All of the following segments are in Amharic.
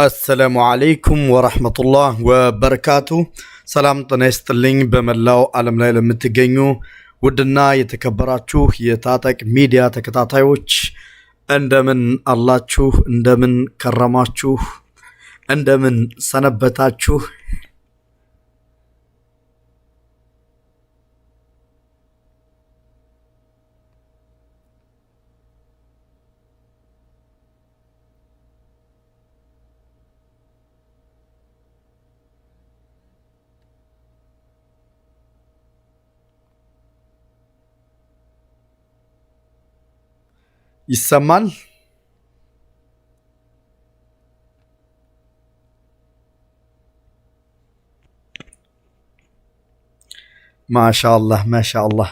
አሰላሙ አለይኩም ወረህመቱላህ ወበረካቱ። ሰላም ጤና ይስጥልኝ። በመላው ዓለም ላይ ለምትገኙ ውድና የተከበራችሁ የታጠቅ ሚዲያ ተከታታዮች እንደምን አላችሁ? እንደምን ከረማችሁ? እንደምን ሰነበታችሁ? ይሰማል። ማሻአላህ ማሻአላህ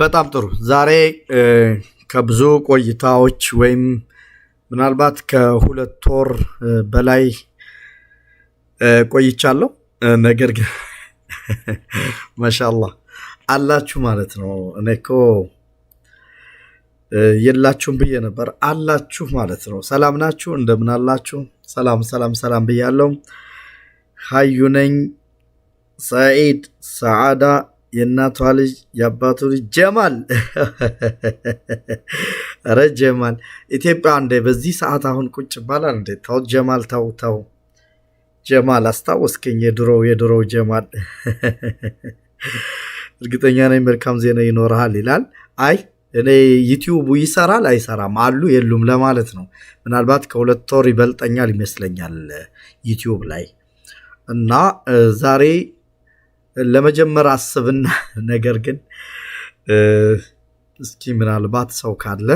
በጣም ጥሩ። ዛሬ ከብዙ ቆይታዎች ወይም ምናልባት ከሁለት ወር በላይ ቆይቻለሁ። ነገር ግን መሻላ አላችሁ ማለት ነው። እኔ እኮ የላችሁም ብዬ ነበር። አላችሁ ማለት ነው። ሰላም ናችሁ? እንደምን አላችሁ? ሰላም ሰላም ሰላም ብያለው። ሀዩ ነኝ። ሰዒድ ሰዓዳ፣ የእናቷ ልጅ የአባቱ ልጅ ጀማል። ረ ጀማል ኢትዮጵያ እንዴ! በዚህ ሰዓት አሁን ቁጭ ይባላል እንዴ? ተው ጀማል ተው ተው ጀማል አስታወስከኝ። የድሮ የድሮ ጀማል እርግጠኛ ነኝ መልካም ዜና ይኖርሃል ይላል። አይ እኔ ዩቲዩቡ ይሰራል አይሰራም አሉ የሉም ለማለት ነው። ምናልባት ከሁለት ወር ይበልጠኛል ይመስለኛል ዩቲዩብ ላይ እና ዛሬ ለመጀመር አስብና ነገር ግን እስኪ ምናልባት ሰው ካለ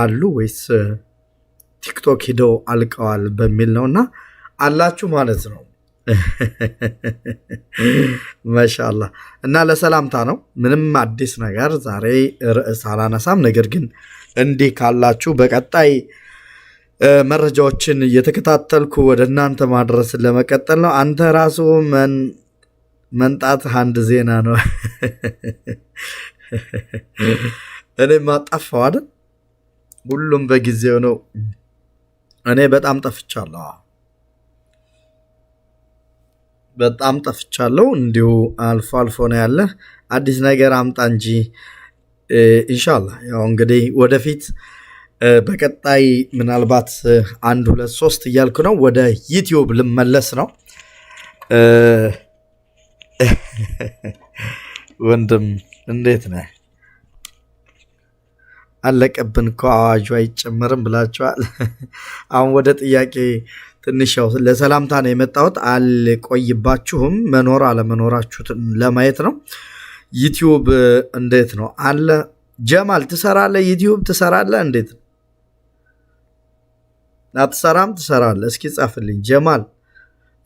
አሉ ወይስ ቲክቶክ ሂደው አልቀዋል በሚል ነው እና አላችሁ ማለት ነው። መሻላ እና ለሰላምታ ነው። ምንም አዲስ ነገር ዛሬ ርዕስ አላነሳም። ነገር ግን እንዲህ ካላችሁ በቀጣይ መረጃዎችን እየተከታተልኩ ወደ እናንተ ማድረስን ለመቀጠል ነው። አንተ ራሱ መንጣት አንድ ዜና ነው። እኔ ጠፋሁ አይደል? ሁሉም በጊዜው ነው። እኔ በጣም ጠፍቻለሁ። በጣም ጠፍቻለሁ። እንዲሁ አልፎ አልፎ ነው ያለ። አዲስ ነገር አምጣ እንጂ ኢንሻላ። ያው እንግዲህ ወደፊት በቀጣይ ምናልባት አንድ ሁለት ሶስት እያልኩ ነው ወደ ዩትዩብ ልመለስ ነው። ወንድም እንዴት ነህ? አለቀብን እኮ አዋጁ አይጨመርም ብላችኋል። አሁን ወደ ጥያቄ ትንሽ ያው ለሰላምታ ነው የመጣሁት። አልቆይባችሁም። መኖር አለመኖራችሁትን ለማየት ነው። ዩትዩብ እንዴት ነው አለ ጀማል? ትሰራለህ? ዩትዩብ ትሰራለህ? እንዴት ነው? አትሰራም? ትሰራለህ? እስኪ ጻፍልኝ ጀማል።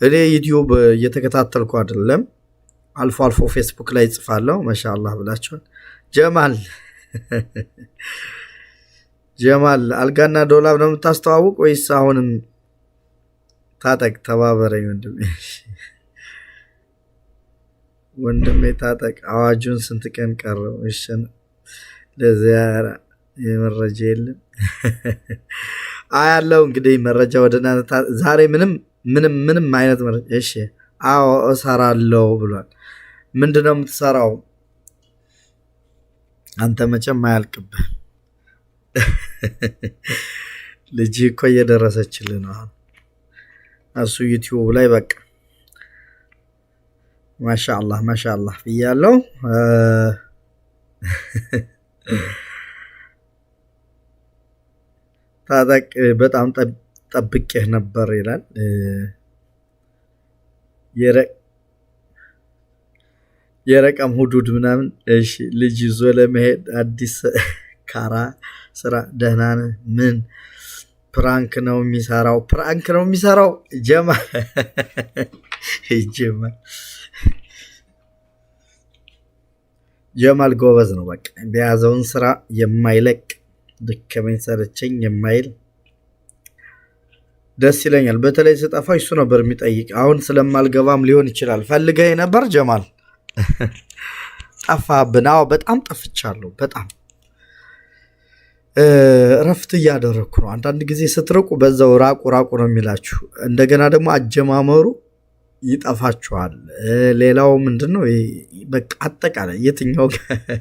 እኔ ዩትዩብ እየተከታተልኩ አይደለም። አልፎ አልፎ ፌስቡክ ላይ ይጽፋለሁ። መሻላ ብላችኋል። ጀማል ጀማል፣ አልጋና ዶላብ ነው የምታስተዋውቅ ወይስ አሁንም ታጠቅ ተባበረኝ ወንድሜ ወንድሜ ታጠቅ። አዋጁን ስንት ቀን ቀረው? እሽን ለዚያ የመረጃ የለም አያለው። እንግዲህ መረጃ ወደ ዛሬ ምንም ምንም ምንም አይነት መረጃ። እሺ አዎ እሰራለው ብሏል። ምንድነው የምትሰራው አንተ? መቼም አያልቅብህ ልጅ እኮ እየደረሰችልህ ነው። እሱ ዩቲዩብ ላይ በቃ ማሻአላህ ማሻአላህ ብያለው። ታጠቅ በጣም ጠብቄህ ነበር ይላል። የረቀም ሁዱድ ምናምን እሺ፣ ልጅ ይዞ ለመሄድ አዲስ ካራ ስራ። ደህና ነህ? ምን ፕራንክ ነው የሚሰራው፣ ፕራንክ ነው የሚሰራው። ጀማ ጀማል ጎበዝ ነው። በቃ የያዘውን ስራ የማይለቅ ድከመኝ ሰለቸኝ የማይል ደስ ይለኛል። በተለይ ስጠፋ እሱ ነበር የሚጠይቅ። አሁን ስለማልገባም ሊሆን ይችላል። ፈልገህ ነበር ጀማል? ጠፋብን? አዎ በጣም ጠፍቻለሁ። በጣም እረፍት እያደረግኩ ነው። አንዳንድ ጊዜ ስትርቁ በዛው ራቁ ራቁ ነው የሚላችሁ። እንደገና ደግሞ አጀማመሩ ይጠፋችኋል። ሌላው ምንድን ነው በቃ አጠቃላይ የትኛው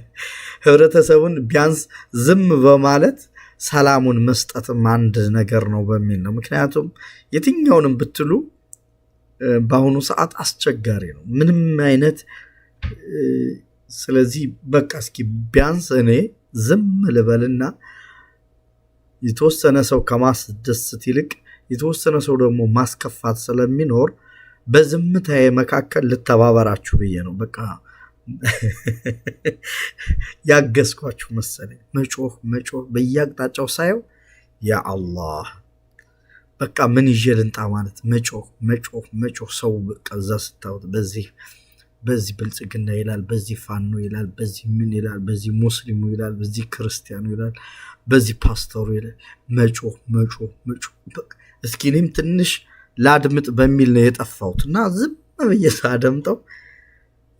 ህብረተሰቡን ቢያንስ ዝም በማለት ሰላሙን መስጠትም አንድ ነገር ነው በሚል ነው። ምክንያቱም የትኛውንም ብትሉ በአሁኑ ሰዓት አስቸጋሪ ነው ምንም አይነት ስለዚህ በቃ እስኪ ቢያንስ እኔ ዝም ልበልና የተወሰነ ሰው ከማስደስት ይልቅ የተወሰነ ሰው ደግሞ ማስከፋት ስለሚኖር በዝምታ መካከል ልተባበራችሁ ብዬ ነው። በቃ ያገዝኳችሁ መሰለኝ። መጮህ መጮህ በየአቅጣጫው ሳየው ያ አላህ በቃ ምን ይዤ ልንጣ ማለት መጮህ መጮህ መጮህ ሰው በቃ እዛ ስታወት በዚህ በዚህ ብልጽግና ይላል፣ በዚህ ፋኖ ይላል፣ በዚህ ምን ይላል፣ በዚህ ሙስሊሙ ይላል፣ በዚህ ክርስቲያኑ ይላል፣ በዚህ ፓስተሩ ይላል። መጮ መጮ መጮ እስኪ እኔም ትንሽ ላድምጥ በሚል ነው የጠፋሁት እና ዝም ብዬ ሳደምጠው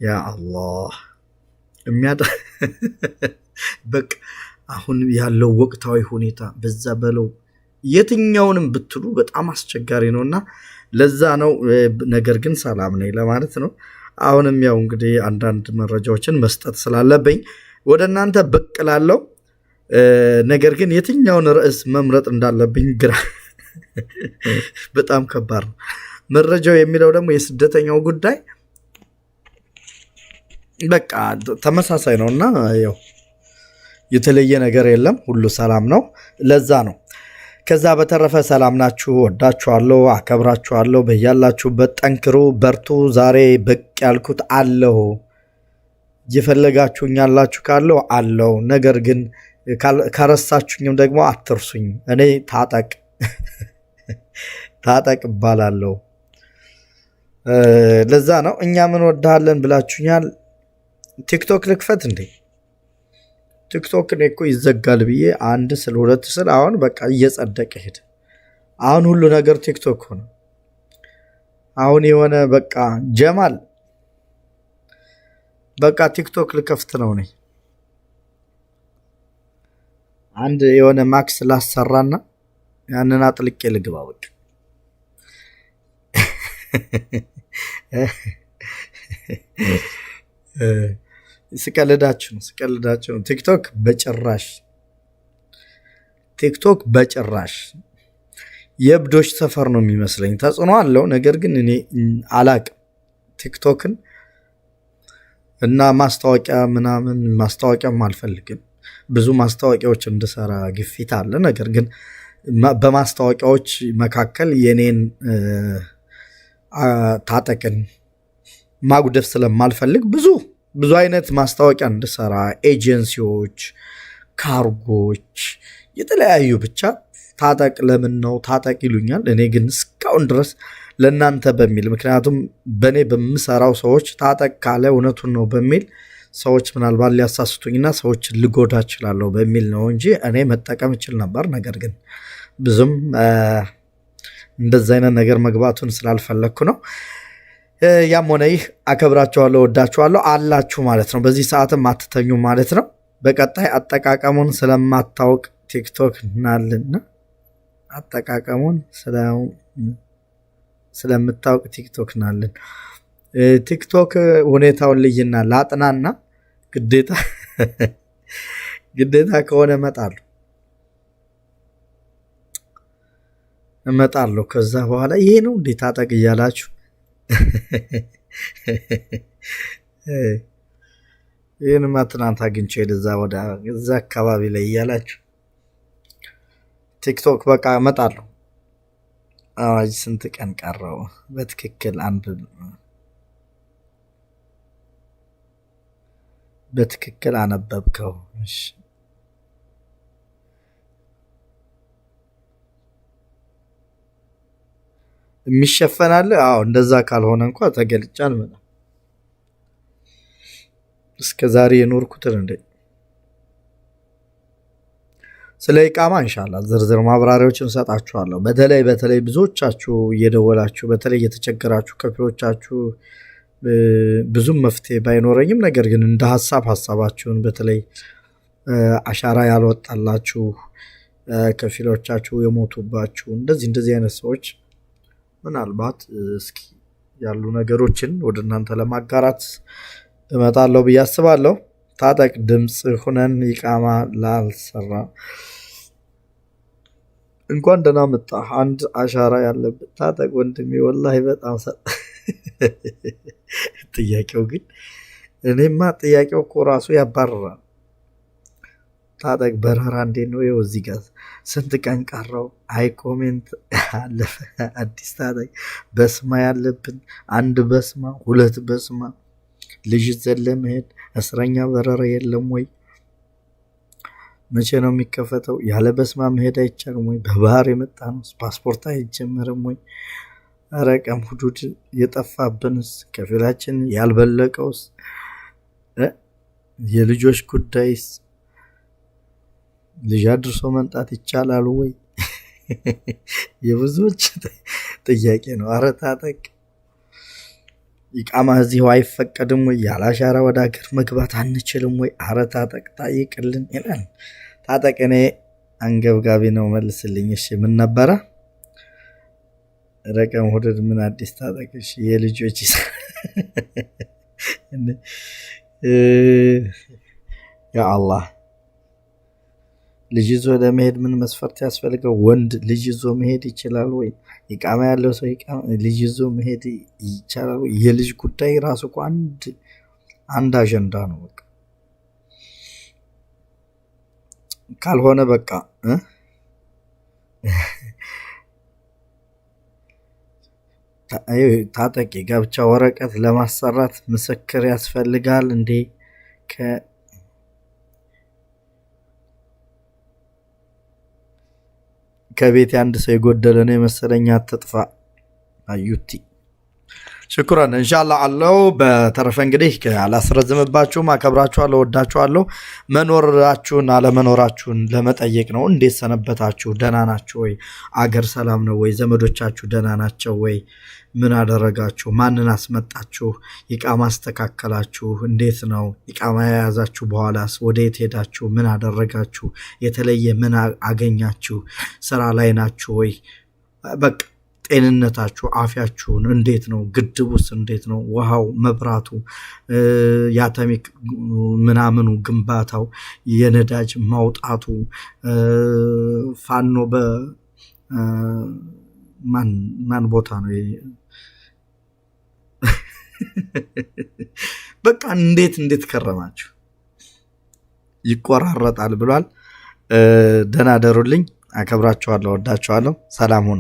ያ አላህ የሚያጠ በቃ አሁን ያለው ወቅታዊ ሁኔታ በዛ በለው የትኛውንም ብትሉ በጣም አስቸጋሪ ነው እና ለዛ ነው ነገር ግን ሰላም ነኝ ለማለት ነው። አሁንም ያው እንግዲህ አንዳንድ መረጃዎችን መስጠት ስላለብኝ ወደ እናንተ ብቅ ላለው ነገር ግን የትኛውን ርዕስ መምረጥ እንዳለብኝ ግራ በጣም ከባድ ነው። መረጃው የሚለው ደግሞ የስደተኛው ጉዳይ በቃ ተመሳሳይ ነው እና ያው የተለየ ነገር የለም። ሁሉ ሰላም ነው። ለዛ ነው ከዛ በተረፈ ሰላም ናችሁ? ወዳችኋለሁ፣ አከብራችኋለሁ። በያላችሁበት ጠንክሩ፣ በርቱ። ዛሬ ብቅ ያልኩት አለሁ። የፈለጋችሁኝ ያላችሁ ካለው አለው። ነገር ግን ካረሳችሁኝም ደግሞ አትርሱኝ። እኔ ታጠቅ ታጠቅ እባላለሁ። ለዛ ነው እኛ ምን ወዳለን ብላችሁኛል። ቲክቶክ ልክፈት እንዴ? ቲክቶክ እኔ እኮ ይዘጋል ብዬ አንድ ስል ሁለት ስል አሁን በቃ እየጸደቀ ሄደ። አሁን ሁሉ ነገር ቲክቶክ ሆነ። አሁን የሆነ በቃ ጀማል በቃ ቲክቶክ ልከፍት ነው ነኝ አንድ የሆነ ማክስ ላሰራና ያንን አጥልቄ ልግባ ወድ ስቀልዳችሁ ነው ስቀልዳችሁ ነው። ቲክቶክ በጭራሽ ቲክቶክ በጭራሽ የእብዶች ሰፈር ነው የሚመስለኝ። ተጽዕኖ አለው፣ ነገር ግን እኔ አላቅም ቲክቶክን እና ማስታወቂያ ምናምን ማስታወቂያም አልፈልግም። ብዙ ማስታወቂያዎች እንድሰራ ግፊት አለ፣ ነገር ግን በማስታወቂያዎች መካከል የኔን ታጠቅን ማጉደፍ ስለማልፈልግ ብዙ ብዙ አይነት ማስታወቂያ እንድሰራ ኤጀንሲዎች፣ ካርጎች፣ የተለያዩ ብቻ ታጠቅ ለምን ነው ታጠቅ ይሉኛል። እኔ ግን እስካሁን ድረስ ለእናንተ በሚል ምክንያቱም በእኔ በምሰራው ሰዎች ታጠቅ ካለ እውነቱን ነው በሚል ሰዎች ምናልባት ሊያሳስቱኝና ሰዎች ልጎዳ እችላለሁ በሚል ነው እንጂ እኔ መጠቀም እችል ነበር። ነገር ግን ብዙም እንደዚ አይነት ነገር መግባቱን ስላልፈለግኩ ነው። ያም ሆነ ይህ አከብራችኋለሁ፣ ወዳችኋለሁ አላችሁ ማለት ነው። በዚህ ሰዓትም አትተኙ ማለት ነው። በቀጣይ አጠቃቀሙን ስለማታውቅ ቲክቶክ እናልና አጠቃቀሙን ስለምታውቅ ቲክቶክ ናለን። ቲክቶክ ሁኔታውን ልይና ላጥናና ግዴታ ግዴታ ከሆነ እመጣለሁ እመጣለሁ። ከዛ በኋላ ይሄ ነው እንዴት አጠቅ እያላችሁ ይህንማ ትናንት አግኝቼ ወደዛ ወደ እዛ አካባቢ ላይ እያላችሁ ቲክቶክ በቃ እመጣለሁ። አዋጅ ስንት ቀን ቀረው? በትክክል አንድ በትክክል አነበብከው። የሚሸፈናል። አዎ እንደዛ ካልሆነ እንኳ ተገልጫ አልመጣ እስከ ዛሬ የኖርኩትን እንደ ስለ ኢቃማ እንሻላ ዝርዝር ማብራሪያዎችን እሰጣችኋለሁ። በተለይ በተለይ ብዙዎቻችሁ እየደወላችሁ በተለይ እየተቸገራችሁ ከፊሎቻችሁ ብዙም መፍትሄ ባይኖረኝም ነገር ግን እንደ ሀሳብ ሀሳባችሁን በተለይ አሻራ ያልወጣላችሁ ከፊሎቻችሁ የሞቱባችሁ እንደዚህ እንደዚህ አይነት ሰዎች ምናልባት እስኪ ያሉ ነገሮችን ወደ እናንተ ለማጋራት እመጣለሁ ብዬ አስባለሁ። ታጠቅ ድምፅ ሁነን ይቃማ ላልሰራ እንኳን ደህና መጣ። አንድ አሻራ ያለበት ታጠቅ ወንድሜ፣ ወላሂ በጣም ጥያቄው ግን እኔማ ጥያቄው እኮ ራሱ ያባርራል። ታጠቅ በረራ እንዴት ነው? ይኸው እዚህ ጋር ስንት ቀን ቀረው? አይ ኮሜንት አለፈ። አዲስ ታጠቅ በስማ ያለብን አንድ በስማ ሁለት በስማ ልጅ ዘለ መሄድ እስረኛ በረራ የለም ወይ? መቼ ነው የሚከፈተው? ያለ በስማ መሄድ አይቻልም ወይ? በባህር የመጣ ነው ፓስፖርት አይጀመርም ወይ? ረቀም ሁዱድ የጠፋብንስ ከፊላችን ያልበለቀውስ የልጆች ጉዳይስ ልጅ አድርሶ መምጣት ይቻላል ወይ? የብዙዎች ጥያቄ ነው። አረ ታጠቅ። ኢቃማ እዚሁ አይፈቀድም ወይ? ያለ አሻራ ወደ ሀገር መግባት አንችልም ወይ? አረ ታጠቅ፣ ታይቅልን ይላል። ታጠቅ፣ እኔ አንገብጋቢ ነው መልስልኝ። እሺ ምን ነበረ? ረቀም ሁድድ ምን አዲስ ታጠቅ? እሺ የልጆች ያ አላህ ልጅ ይዞ ለመሄድ ምን መስፈርት ያስፈልገው? ወንድ ልጅ ይዞ መሄድ ይችላል ወይ? ይቃማ ያለው ሰው ልጅ ይዞ መሄድ ይቻላል ወይ? የልጅ ጉዳይ ራሱ እኮ አንድ አንድ አጀንዳ ነው። በቃ ካልሆነ በቃ ታጠቂ ጋብቻ ወረቀት ለማሰራት ምስክር ያስፈልጋል እንዴ? ከቤት አንድ ሰው የጎደለ ነው የመሰለኝ። አትጥፋ አዩቲ ሽኩረን እንሻላ አለው። በተረፈ እንግዲህ አላስረዝምባችሁም። አከብራችኋለሁ፣ ወዳችኋለሁ። መኖራችሁን አለመኖራችሁን ለመጠየቅ ነው። እንዴት ሰነበታችሁ? ደህና ናችሁ ወይ? አገር ሰላም ነው ወይ? ዘመዶቻችሁ ደህና ናቸው ወይ? ምን አደረጋችሁ? ማንን አስመጣችሁ? ኢቃማ አስተካከላችሁ? እንዴት ነው ኢቃማ የያዛችሁ? በኋላስ ወደ የት ሄዳችሁ? ምን አደረጋችሁ? የተለየ ምን አገኛችሁ? ስራ ላይ ናችሁ ወይ? በቃ ጤንነታችሁ፣ አፊያችሁን እንዴት ነው? ግድቡስ እንዴት ነው? ውሃው፣ መብራቱ፣ የአተሚክ ምናምኑ ግንባታው፣ የነዳጅ ማውጣቱ ፋኖ በማን ቦታ ነው? በቃ እንዴት እንዴት ከረማችሁ? ይቆራረጣል ብሏል። ደህና ደሩልኝ። አከብራችኋለሁ፣ ወዳችኋለሁ። ሰላም ሁኑ።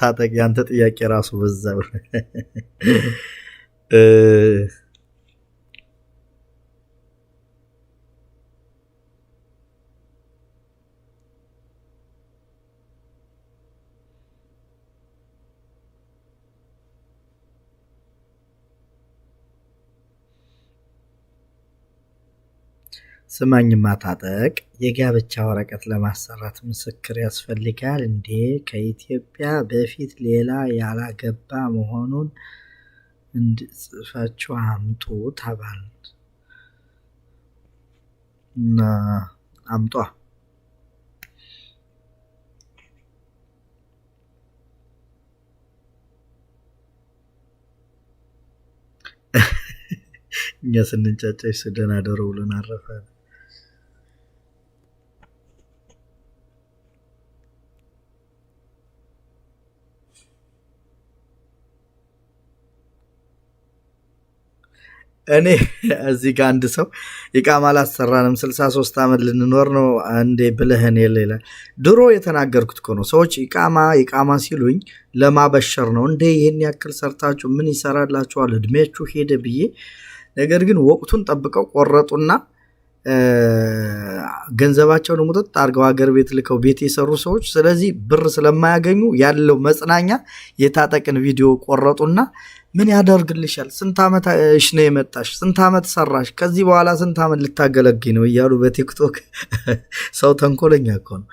ታጠቅ። ያንተ ጥያቄ ራሱ በዛ ስማኝ ማታጠቅ የጋብቻ ወረቀት ለማሰራት ምስክር ያስፈልጋል እንዴ? ከኢትዮጵያ በፊት ሌላ ያላገባ መሆኑን ጽፋችሁ አምጡ ተባል አምጧ እኛ ስንንጫጫች ስደን ስደናደሩ ብለን አረፈን። እኔ እዚህ ጋር አንድ ሰው ኢቃማ አላሰራንም፣ 63 ዓመት ልንኖር ነው አንዴ ብለህን የሌለ ድሮ የተናገርኩት እኮ ነው። ሰዎች ኢቃማ ኢቃማ ሲሉኝ ለማበሸር ነው እንዴ ይህን ያክል ሰርታችሁ ምን ይሰራላችኋል? እድሜያችሁ ሄደ ብዬ ነገር ግን ወቅቱን ጠብቀው ቆረጡና ገንዘባቸውን ሙጥጥ አድርገው ሀገር ቤት ልከው ቤት የሰሩ ሰዎች ስለዚህ ብር ስለማያገኙ ያለው መጽናኛ የታጠቅን ቪዲዮ ቆረጡና ምን ያደርግልሻል? ስንት ዓመት ነው የመጣሽ? ስንት ዓመት ሰራሽ? ከዚህ በኋላ ስንት ዓመት ልታገለግኝ ነው እያሉ በቲክቶክ ሰው ተንኮለኛ እኮ ነው።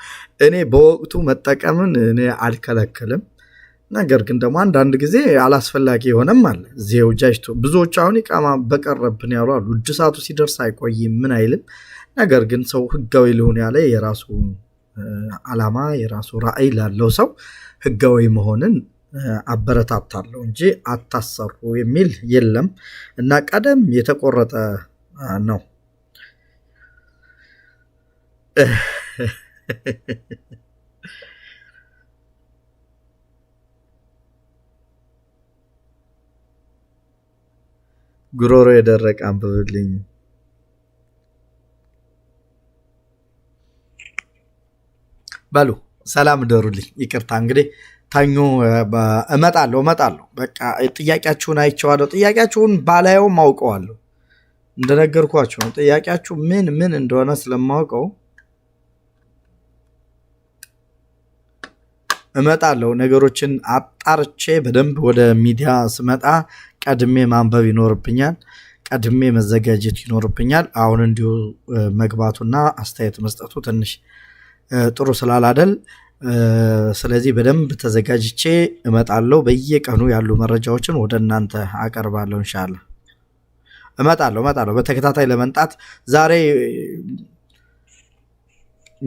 እኔ በወቅቱ መጠቀምን እኔ አልከለከልም። ነገር ግን ደግሞ አንዳንድ ጊዜ አላስፈላጊ የሆነም አለ። እዚው ብዙዎች አሁን ኢቃማ በቀረብን ያሉ አሉ። እድሳቱ ሲደርስ አይቆይም ምን አይልም። ነገር ግን ሰው ህጋዊ ሊሆን ያለ የራሱ አላማ የራሱ ራዕይ ላለው ሰው ህጋዊ መሆንን አበረታታለሁ እንጂ አታሰሩ የሚል የለም እና ቀደም የተቆረጠ ነው። ጉሮሮ የደረቀ አንብብልኝ። በሉ ሰላም ደሩልኝ ይቅርታ እንግዲህ ታኞ እመጣለሁ እመጣለሁ። በቃ ጥያቄያችሁን አይቸዋለሁ ጥያቄያችሁን ባላየውም አውቀዋለሁ። እንደነገርኳችሁ ነው። ጥያቄያችሁ ምን ምን እንደሆነ ስለማውቀው እመጣለሁ። ነገሮችን አጣርቼ በደንብ ወደ ሚዲያ ስመጣ ቀድሜ ማንበብ ይኖርብኛል፣ ቀድሜ መዘጋጀት ይኖርብኛል። አሁን እንዲሁ መግባቱና አስተያየት መስጠቱ ትንሽ ጥሩ ስላላደል ስለዚህ በደንብ ተዘጋጅቼ እመጣለሁ። በየቀኑ ያሉ መረጃዎችን ወደ እናንተ አቀርባለሁ። እንሻላ እመጣለሁ እመጣለሁ በተከታታይ ለመምጣት ዛሬ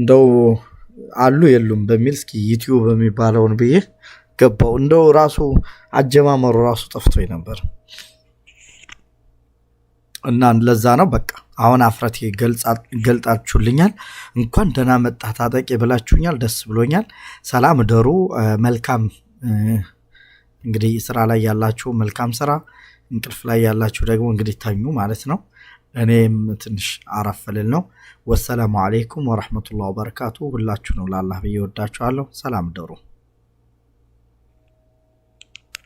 እንደው አሉ የሉም በሚል እስኪ ዩቲዩብ የሚባለውን ብዬ ገባው። እንደው ራሱ አጀማመሩ ራሱ ጠፍቶኝ ነበር እና ለዛ ነው በቃ አሁን አፍረቴ ገልጣችሁልኛል። እንኳን ደህና መጣ ታጠቂ ብላችሁኛል። ደስ ብሎኛል። ሰላም ደሩ መልካም እንግዲህ ስራ ላይ ያላችሁ መልካም ስራ፣ እንቅልፍ ላይ ያላችሁ ደግሞ እንግዲህ ተኙ ማለት ነው። እኔም ትንሽ አረፍ ነው። ወሰላሙ አሌይኩም ወረሕመቱላህ ወበረካቱ። ሁላችሁ ነው ላላህ ብዬ ወዳችኋለሁ። ሰላም ደሩ።